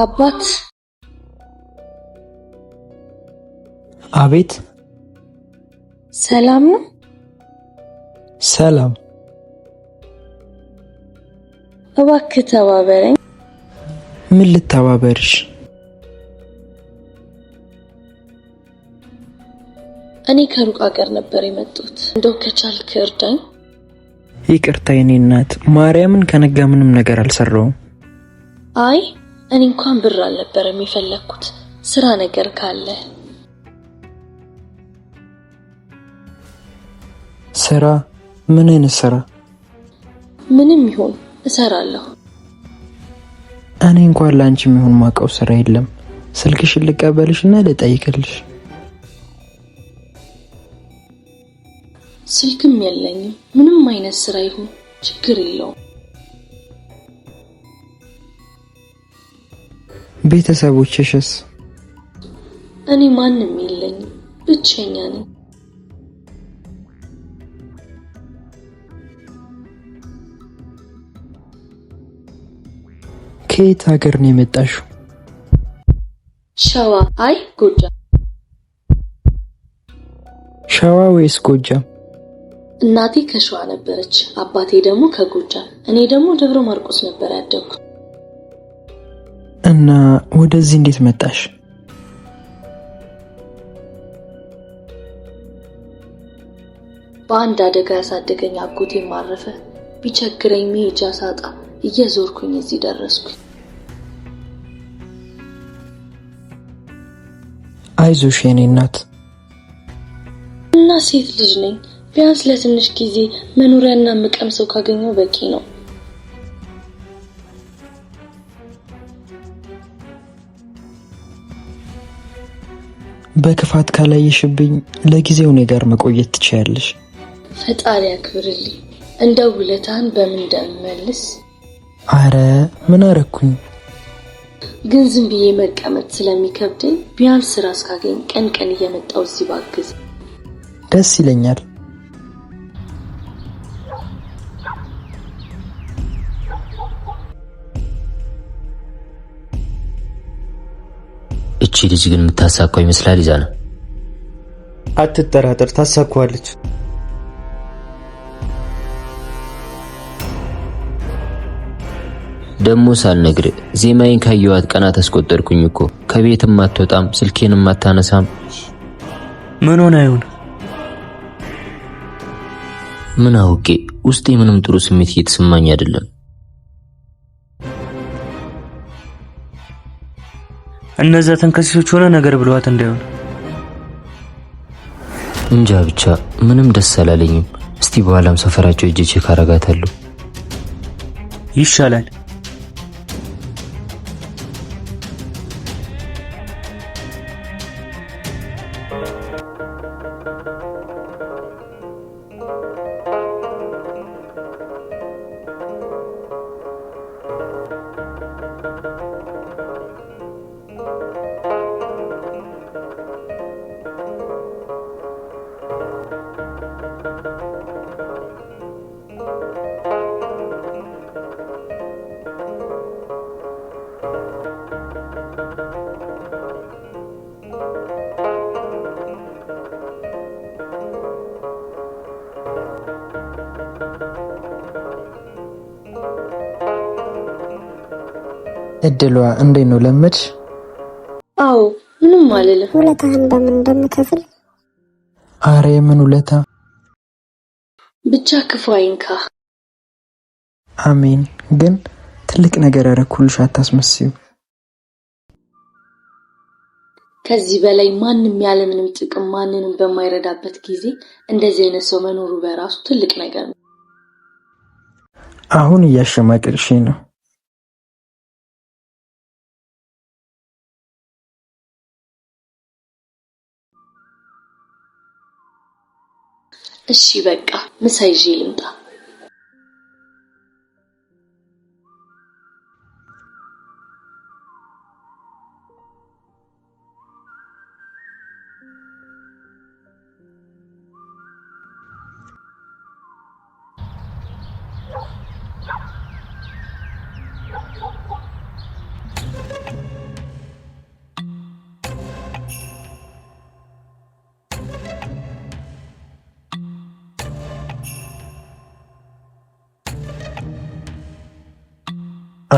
አባት አቤት ሰላም ነው ሰላም እባክህ ተባበረኝ ምን ልተባበርሽ እኔ ከሩቅ ሀገር ነበር የመጡት እንደው ከቻልክ እርዳኝ ይቅርታ የኔ እናት ማርያምን ከነጋ ምንም ነገር አልሰራውም አይ እኔ እንኳን ብር አልነበረም የፈለግኩት ስራ ነገር ካለ ስራ ምን አይነት ስራ? ምንም ይሁን እሰራለሁ። እኔ እንኳን ለአንቺ የሚሆን ማቀው ስራ የለም። ስልክሽ ልቀበልሽ እና ልጠይቅልሽ። ስልክም የለኝም። ምንም አይነት ስራ ይሁን ችግር የለውም። ቤተሰቦችሽስ? እኔ ማንም የለኝም፣ ብቸኛ ነኝ። ከየት ሀገር ነው የመጣሽው? ሸዋ። አይ ጎጃም። ሸዋ ወይስ ጎጃም? እናቴ ከሸዋ ነበረች፣ አባቴ ደግሞ ከጎጃም። እኔ ደግሞ ደብረ ማርቆስ ነበር ያደግኩት። እና ወደዚህ እንዴት መጣሽ? በአንድ አደጋ ያሳደገኝ አጎቴ ማረፈ። ቢቸግረኝ መሄጃ ሳጣ እየዞርኩኝ እዚህ ደረስኩኝ። አይዞሽ የኔ እናት። እና ሴት ልጅ ነኝ። ቢያንስ ለትንሽ ጊዜ መኖሪያና ሰው ካገኘው በቂ ነው። በክፋት ካላየሽብኝ ለጊዜው እኔ ጋር መቆየት ትችያለሽ። ፈጣሪ ያክብርልኝ። እንደ ውለታን በምን እንደምመልስ። አረ ምን አረኩኝ? ግን ዝም ብዬ መቀመጥ ስለሚከብደኝ ቢያንስ ስራ እስካገኝ ቀን ቀን እየመጣው እዚህ ባግዝ ደስ ይለኛል። ልጅ ግን የምታሳካው ይመስላል። ይዛና አትጠራጠር፣ ታሳካዋለች። ደሞ ሳልነግር ዜማዬን ካየዋት ቀናት አስቆጠርኩኝ እኮ ከቤትም አትወጣም፣ ስልኬንም አታነሳም። ምን ሆነ ይሁን? ምን አውቄ፣ ውስጤ ምንም ጥሩ ስሜት እየተሰማኝ አይደለም። እነዛ ተንከሲሶች ሆነ ነገር ብለዋት እንዳይሆን እንጃ። ብቻ ምንም ደስ አላለኝም። እስቲ በኋላም ሰፈራቸው እጅቼ ካረጋታለሁ ይሻላል። እድሏ እንዴት ነው? ለመድሽ? አዎ ምንም አልልም። ውለታህን በምን እንደምከፍል? አረ የምን ውለታ ብቻ ክፉ አይንካ። አሜን። ግን ትልቅ ነገር ያረኩልሽ አታስመስዩ። ከዚህ በላይ ማንም ያለምንም ጥቅም ማንንም በማይረዳበት ጊዜ እንደዚህ አይነት ሰው መኖሩ በራሱ ትልቅ ነገር ነው። አሁን እያሸማቀቅሽ ነው። እሺ በቃ ምሳ ይዤ ልምጣ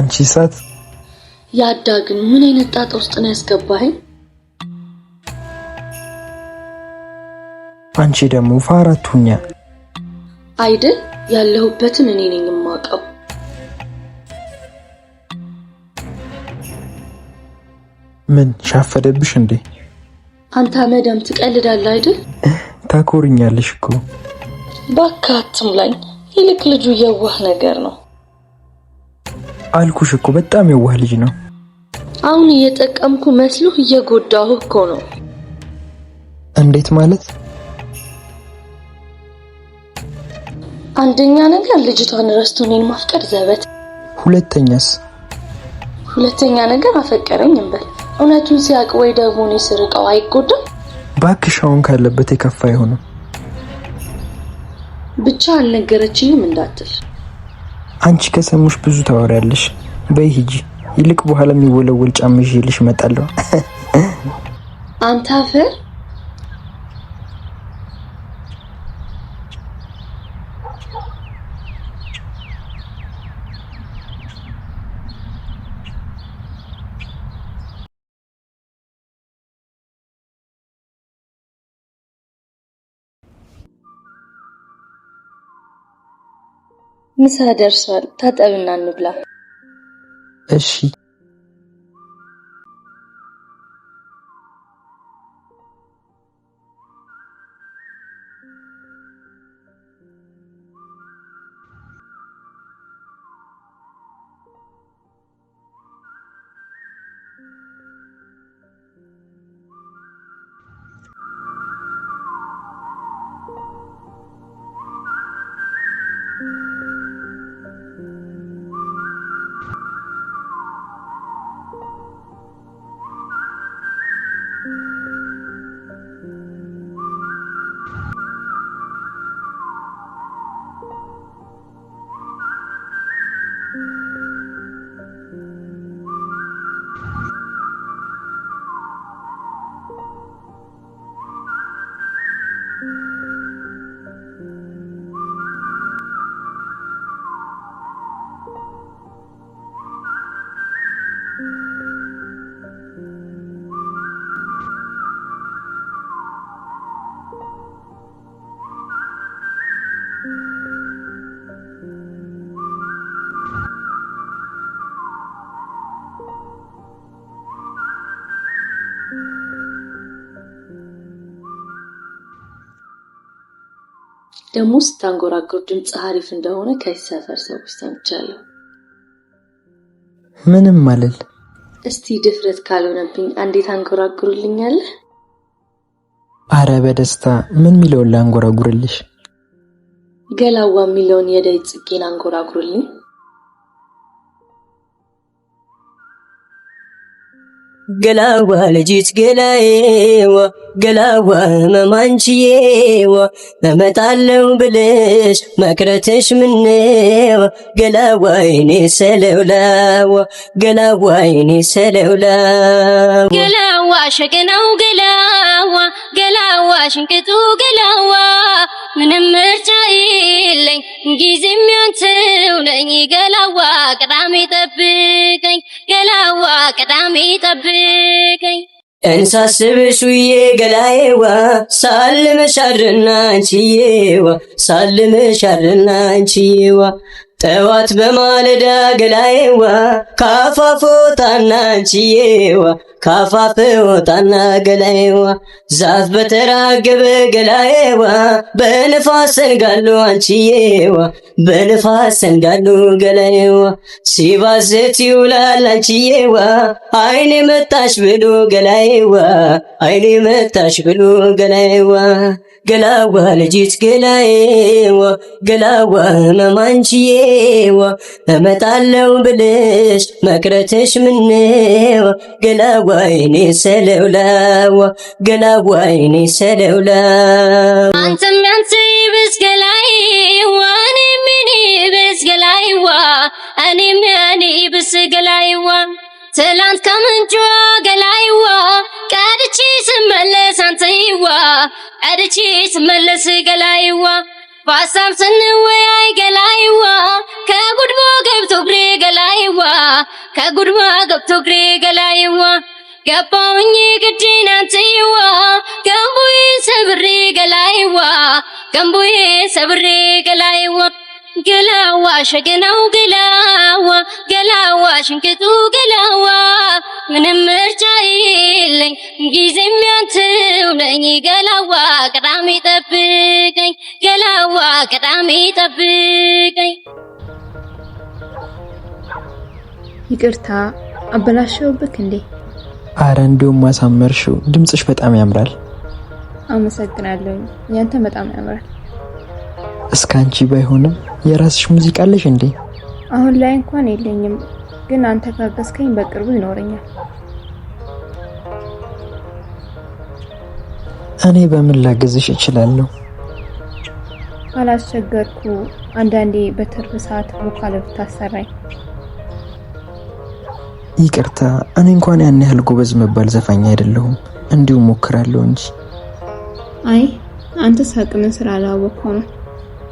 አንቺ እሳት ያዳ ግን ምን አይነት ጣጣ ውስጥ ነው ያስገባኸኝ? አንቺ ደግሞ ፋራቱኛ አይደል? ያለሁበትን እኔ ነኝ የማውቀው። ምን ሻፈደብሽ እንዴ? አንተ መዳም ትቀልዳለህ አይደል? ታኮርኛለሽ እኮ። ባካትም ላይ ይልቅ ልጁ የዋህ ነገር ነው። አልኩሽ እኮ በጣም የዋህ ልጅ ነው። አሁን እየጠቀምኩ መስሎህ እየጎዳሁ እኮ ነው። እንዴት ማለት? አንደኛ ነገር ልጅቷን ረስቶ እኔን ማፍቀር ዘበት። ሁለተኛስ? ሁለተኛ ነገር አፈቀረኝ እንበል እውነቱን ሲያውቅ ወይ ደግሞ እኔ ስርቀው አይጎዳም። እባክሽ አሁን ካለበት የከፋ አይሆንም። ብቻ አልነገረችኝም እንዳትል አንቺ ከሰሙሽ ብዙ ታወሪያለሽ። በይ ሂጂ፣ ይልቅ በኋላ የሚወለወል ጫማ ይዤልሽ እመጣለሁ። አንተ አፈር ምሳ ደርሷል። ታጠብና እንብላ። እሺ ደግሞ ስታንጎራጉር ድምፅ አሪፍ እንደሆነ ከዚህ ሰፈር ሰዎች ሰምቻለሁ። ምንም አልል። እስቲ ድፍረት ካልሆነብኝ አንዴ ታንጎራጉርልኛለህ? አረ በደስታ ምን ሚለውን ላንጎራጉርልሽ? ገላዋ የሚለውን የዳዊት ጽጌን አንጎራጉርልኝ። ገላዋ ልጅት ገላዬዋ ገላዋ መማንችዬዋ እመጣለው ብለሽ መቅረትሽ ምነው ገላዋ ይኔ ሰለውላዋ ገላዋ ይኔ ሰለውላ ገላዋ ሸገናው ገላዋ ገላዋ ሽንቅጡ ገላዋ ምንም ምርጫ የለኝ ጊዜ የሚያንተው ነኝ ገላዋ ቅዳሜ ጠብቀኝ ገላዋ ቅዳሜ ጠብቀኝ እንሳስብሽ ውዬ ገላዬዋ ሳልምሽ አንቺዬዋ ሳልምሽ አንቺዬዋ ጠዋት በማለዳ ገላዬዋ ካፋፍ ወጣና አንቺዬዋ ካፋፍ ወጣና ገላዬዋ ዛፍ በተራገበ ገላዬዋ በንፋስ ሰንጋሉ አንቺዬዋ በንፋስ ሰንጋሉ ገላዬዋ ሲባዘት ይውላል አንቺዬዋ አይኔ መጣሽ ብሎ ገላዬዋ አይኔ መጣሽ ብሎ ገላዬዋ ገላዋ ልጅት ገላዬዋ ገላዋ መማንችዬዋ እመጣለው ብልሽ መቅረትሽ ምነዋ ገላዋይኔ ሰለውላዋ ገላዋይኔ ሰለውላ አንተም ያንተ ይብስ እኔም ይብስ እኔም ይብስ ትላንት ከምንጩ ገላይዋ ቀድቺ ስመለስ አንተይዋ ቀድቺ ስመለስ ገላይዋ በሀሳብ ስንወያይ ገላይዋ ከጉድማ ገብቶ ግሬ ገላይዋ ከጉድማ ገብቶ ግሬ ገላይዋ ገባውኝ ግድን አንተይዋ ገንቡዬ ሰብሬ ገላይዋ ገንቡዬ ሰብሬ ገላይዋ ገላዋ ሸገናው ገላዋ ገላዋ ሽንቅጡ ገላዋ ምንም ምርጫ የለኝ ጊዜ የሚያንተው ነኝ ገላዋ ቅዳሜ ጠብቀኝ ገላዋ ቅዳሜ ጠብቀኝ። ይቅርታ አበላሸውብክ እንዴ? አረ እንዲሁም ማሳመርሽው ድምፅሽ በጣም ያምራል። አመሰግናለሁ። ያንተ በጣም ያምራል። እስከ አንቺ ባይሆንም የራስሽ ሙዚቃ አለሽ እንዴ? አሁን ላይ እንኳን የለኝም፣ ግን አንተ ካገዝከኝ በቅርቡ ይኖረኛል። እኔ በምን ላግዝሽ እችላለሁ? ካላስቸገርኩ አንዳንዴ በትርፍ ሰዓት ቮካል ብታሰራኝ። ይቅርታ፣ እኔ እንኳን ያን ያህል ጎበዝ መባል ዘፋኝ አይደለሁም፣ እንዲሁም ሞክራለሁ እንጂ። አይ አንተስ አቅምን ስላላወቅኸው ነው።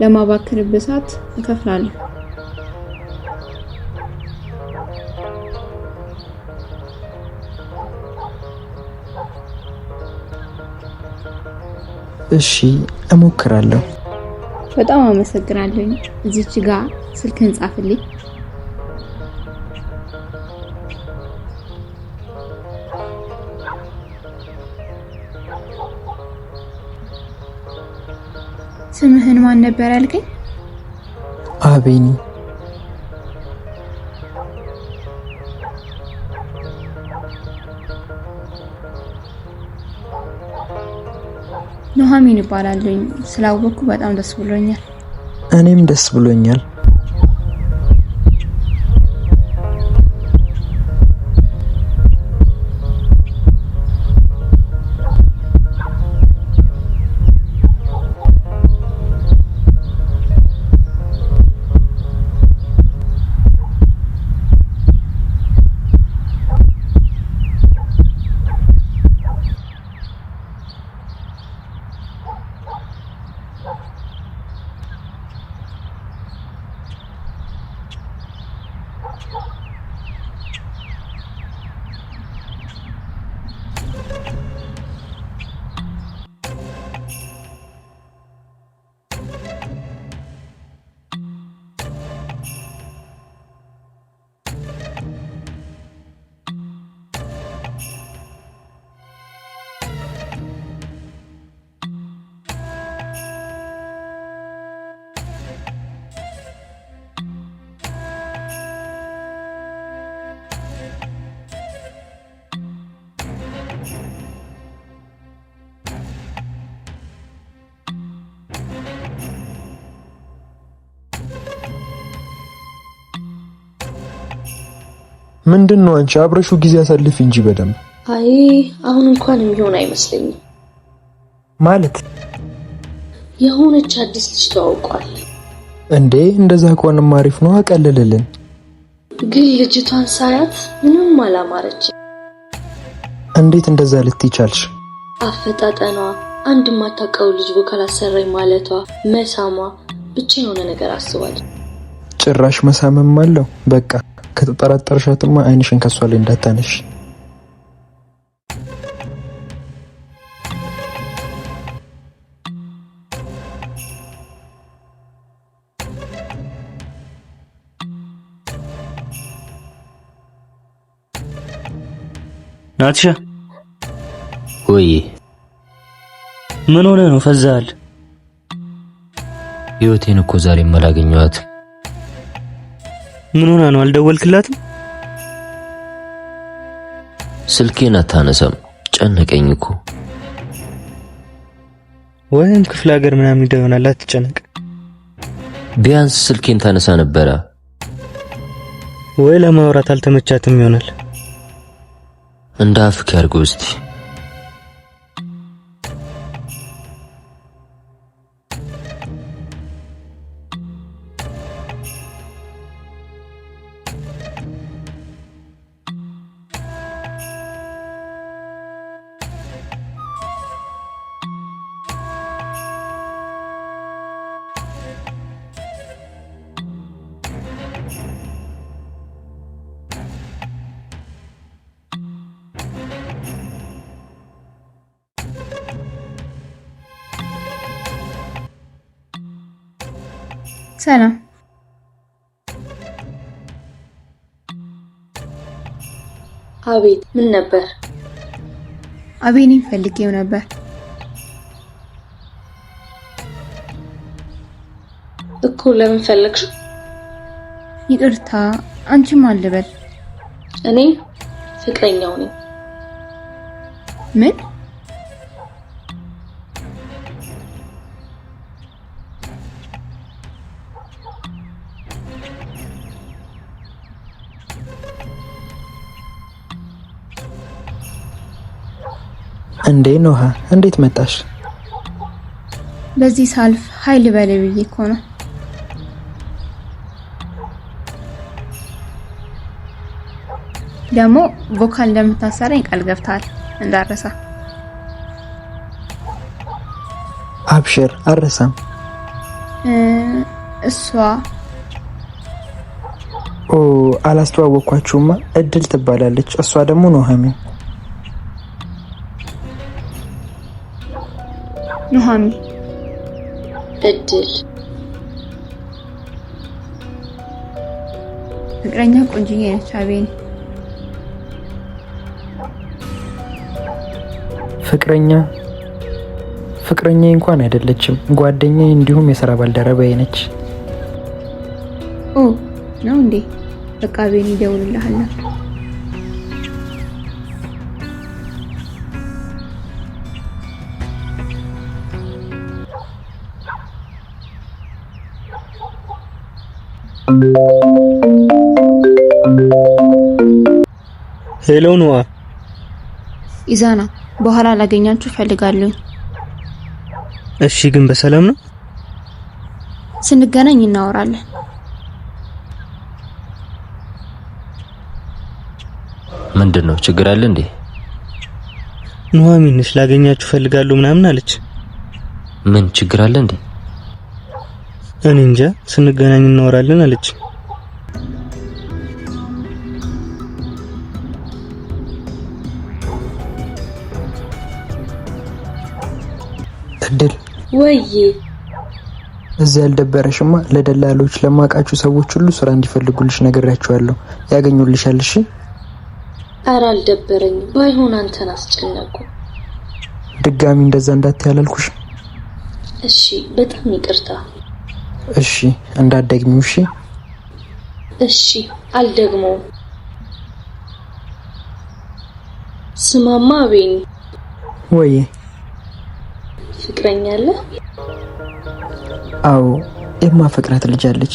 ለማባከንበት ሰዓት እከፍላለሁ። እሺ እሞክራለሁ። በጣም አመሰግናለሁ። እዚች ጋር ስልክ ጻፍልኝ። ስምህን ማን ነበር ያልከኝ? አቤኒ። ኑሐሚን ይባላለኝ። ስላወቅኩ በጣም ደስ ብሎኛል። እኔም ደስ ብሎኛል። ምንድን ነው አንቺ አብረሹ ጊዜ አሳልፍ እንጂ በደንብ። አይ አሁን እንኳን የሚሆን አይመስለኝም። ማለት የሆነች አዲስ ልጅ ተዋውቋል እንዴ? እንደዛ ከሆነማ አሪፍ ነው፣ አቀልልልን። ግን ልጅቷን ሳያት ምንም አላማረች። እንዴት እንደዛ ልትይቻልሽ ቻልሽ? አፈጣጠኗ፣ አንድ የማታውቀው ልጅ ቦካል አሰራኝ ማለቷ፣ መሳሟ፣ ብቻ የሆነ ነገር አስባለሁ። ጭራሽ መሳምም አለው በቃ ከተጠራጠርሻትማ አይንሽን ከሷ ላይ እንዳታነሽ። ናትሻ ወይ ምን ሆነ ነው? ፈዛል ህይወቴን እኮ ዛሬ የማላገኘዋት ምን ሆና ነው አልደወልክላትም? ስልኬን አታነሳም። ጨነቀኝ እኮ ወይም ክፍለ ሀገር ምናምን ሄዳ አትጨነቅ። ቢያንስ ስልኬን ታነሳ ነበረ። ወይ ለማውራት አልተመቻትም ይሆናል። እንደ አፍክ እስቲ ሰላም አቤት ምን ነበር? አቤኔን ፈልጌው ነበር። እኮ ለምን ፈለግሽ? ይቅርታ፣ አንቺ ማን እኔ ፍቅረኛው ነኝ። ምን እንዴ ኖሃ፣ እንዴት መጣሽ? በዚህ ሳልፍ ኃይል በላይ ብዬ እኮ ነው። ደግሞ ቦካል እንደምታሰረኝ ቃል ገብታል እንዳረሳ። አብሽር፣ አረሳም። እሷ ኦ፣ አላስተዋወቅኳችሁማ። እድል ትባላለች። እሷ ደግሞ ኑሃሚን ኑሃሚ እድል ፍቅረኛ ቆንጅዬ ነች። አቤኔ ፍቅረኛ ፍቅረኛ እንኳን አይደለችም፣ ጓደኛዬ እንዲሁም የስራ ባልደረባዬ ነች። ኦ ነው እንዴ? በቃ አቤኔ ይደውልልሃል። ሄሎ ነዋ። ኢዛና በኋላ ላገኛችሁ ፈልጋለሁ። እሺ፣ ግን በሰላም ነው? ስንገናኝ እናወራለን። ምንድን ነው ችግር አለ እንዴ? ኑሐሚንሽ ላገኛችሁ ፈልጋለሁ ምናምን አለች። ምን ችግር አለ እንዴ? እኔ እንጃ፣ ስንገናኝ እናወራለን አለች። ወይዬ እዚህ ያልደበረሽማ ለደላሎች ለማውቃችሁ ሰዎች ሁሉ ስራ እንዲፈልጉልሽ ነግሬያቸዋለሁ። ያገኙልሻል። እሺ። ኧረ አልደበረኝ ባይሆን አንተን አስጨነቁ። ድጋሚ እንደዛ እንዳትይ ያላልኩሽ እሺ፣ በጣም ይቅርታ። እሺ፣ እንዳትደግሚው። እሺ። እሺ፣ አልደግመውም። ስማማ ቤኒ ወይ ፍቅረኛ አዎ የማፈቅራት ልጅ አለች።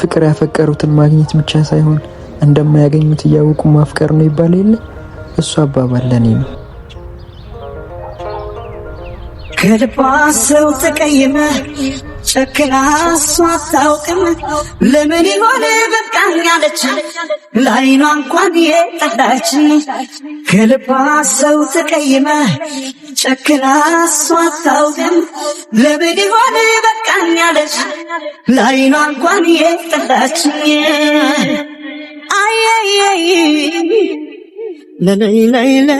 ፍቅር ያፈቀሩትን ማግኘት ብቻ ሳይሆን እንደማያገኙት እያወቁ ማፍቀር ነው ይባል የለ? እሱ አባባል ነው። ከልባ ሰው ተቀይመህ ጨክና እሷ አታውቅም ለምን ይሆን በቃኝ ያለች ላይኗ እንኳን የጠላችን ከልባ ሰው ተቀይመ ጨክና እሷ አታውቅም ለምን ይሆን በቃኝ ያለች ላይኗ እንኳን የጠላችን አየየይ ለለይለይለ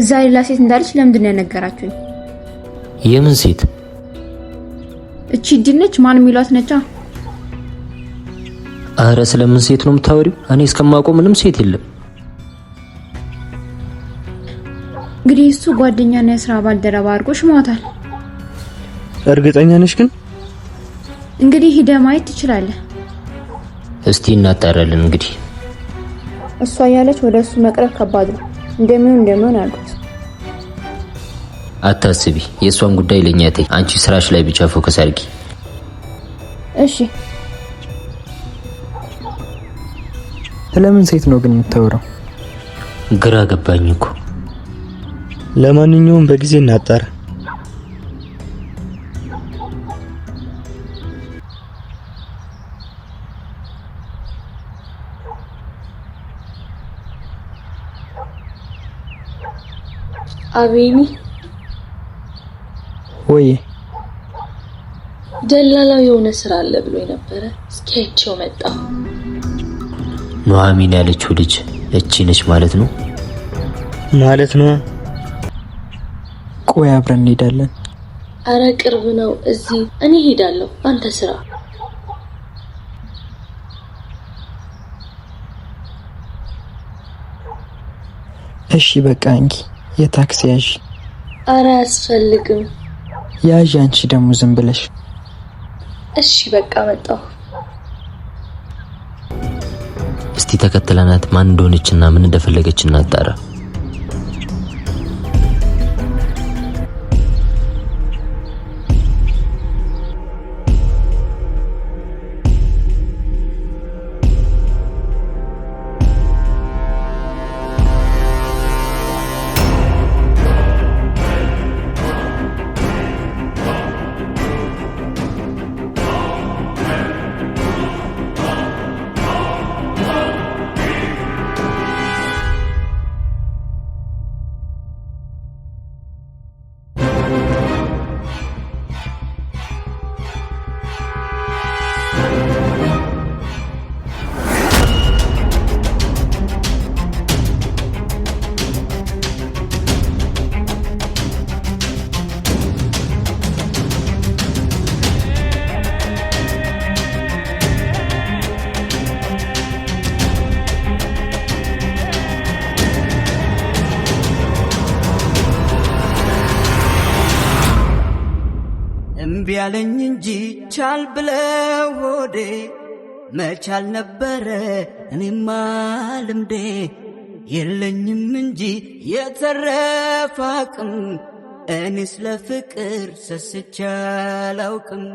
እዛ ሌላ ሴት እንዳለች ለምንድን ነው የነገራችሁኝ? የምን ሴት? እቺ ድነች ማን የሚሏት ነቻ። አረ ስለምን ሴት ነው የምታወሪው? እኔ እስከማውቀው ምንም ሴት የለም። እንግዲህ እሱ ጓደኛና የስራ ባልደረባ አድርጎ ሽሟታል። እርግጠኛ ነሽ ግን? እንግዲህ ሂደህ ማየት ትችላለህ። እስቲ እናጣራለን። እንግዲህ እሷ ያለች ወደ እሱ መቅረብ ከባድ ነው። እንደሚሆን እንደሚሆን አሉ አታስቢ፣ የእሷን ጉዳይ ለኛ ተይ። አንቺ ስራሽ ላይ ብቻ ፎከስ አድርጊ እሺ። ስለምን ሴት ነው ግን የምታወራው? ግራ ገባኝ እኮ። ለማንኛውም በጊዜ እናጣራ። አቤኒ ወይ ደላላው የሆነ ስራ አለ ብሎ ነበረ። እስኪ መጣ። ኑሐሚን ያለችው ልጅ እቺ ነች ማለት ነው ማለት ነው። ቆይ አብረን እንሄዳለን። አረ ቅርብ ነው እዚህ። እኔ ሄዳለሁ፣ አንተ ስራ። እሺ በቃ እንጂ የታክሲ ያዥ። አረ አያስፈልግም። ያዥ። አንቺ ደግሞ ዝም ብለሽ እሺ፣ በቃ መጣሁ። እስቲ ተከትለናት ማን እንደሆነችና ምን እንደፈለገች እናጣራ። መቻል ነበረ እኔማ ልምዴ የለኝም እንጂ የተረፋ አቅም እኔ ስለ ፍቅር ሰስቻ አላውቅም።